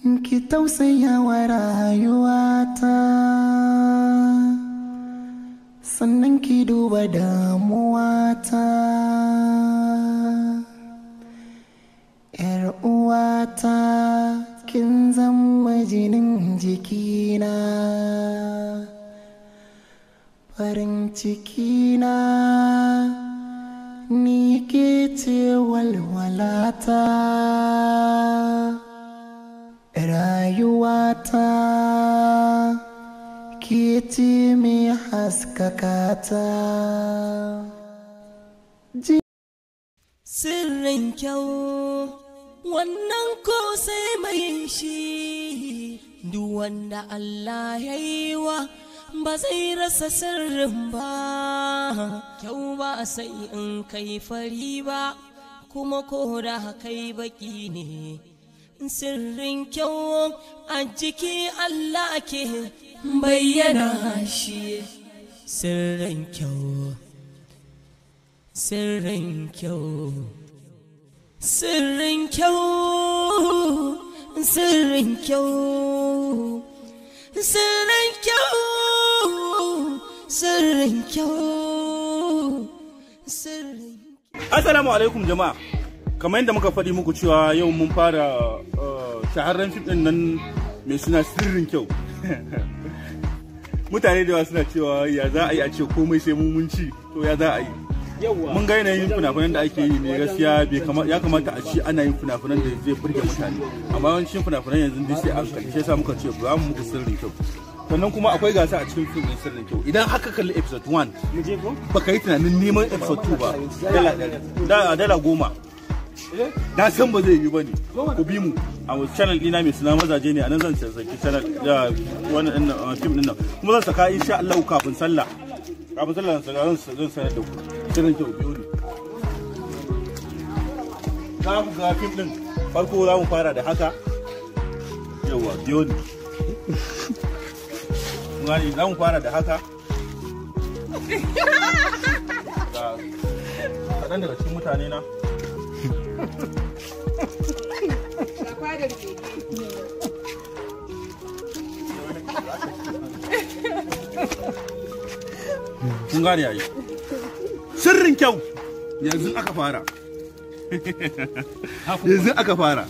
ki tausayawa wa rayuwata sannan ki duba damuwata yar uwata kin zan jinin jikina farin cikina ni ke ce walwalata rayuwata ke ce mai haskakata sirrin kyau wannan ko sai mai shi duk wanda Allah ya yi wa ba zai rasa sirrin ba kyau ba sai in kai fari ba kuma ko da kai baki ne sirrin kyau a jiki Allah ke bayyana shi sirrin kyau sirrin kyau sirrin kyau sirrin kyau sirrin kyau sirrin kyau sirrin Assalamu alaikum jama'a kamar yadda muka faɗi muku cewa yau mun fara uh, shaharren fim ɗin nan mai suna sirrin kyau mutane da yawa suna cewa ya za a yi a ce komai sai mun mun ci to ya za a yi mun ga yanayin fina da ake yi ne gaskiya ya kamata a ci ana yin fina da zai burge mutane amma yawancin fina-finan yanzu dai sai an karshe sa muka ce ba mu muku sirrin kyau sannan kuma akwai gasa a cikin filmin sirrin kyau idan aka kalli episode 1 baka yi tunanin neman episode 2 ba dala goma da san ba zai yi ba ne ku bi mu a channel dina mai suna mazaje ne a nan zan sarki channel wannan din nan film din nan kuma zan saka insha Allah kafin sallah kafin sallah zan saka zan sanar da ku sai zan ku biyo ni za ga film din farko za mu fara da haka yawa biyo ne Ngani za mu fara da haka kaɗan daga cikin mutane na kun gane yayi sirrin kyau yanzu aka fara yanzu aka fara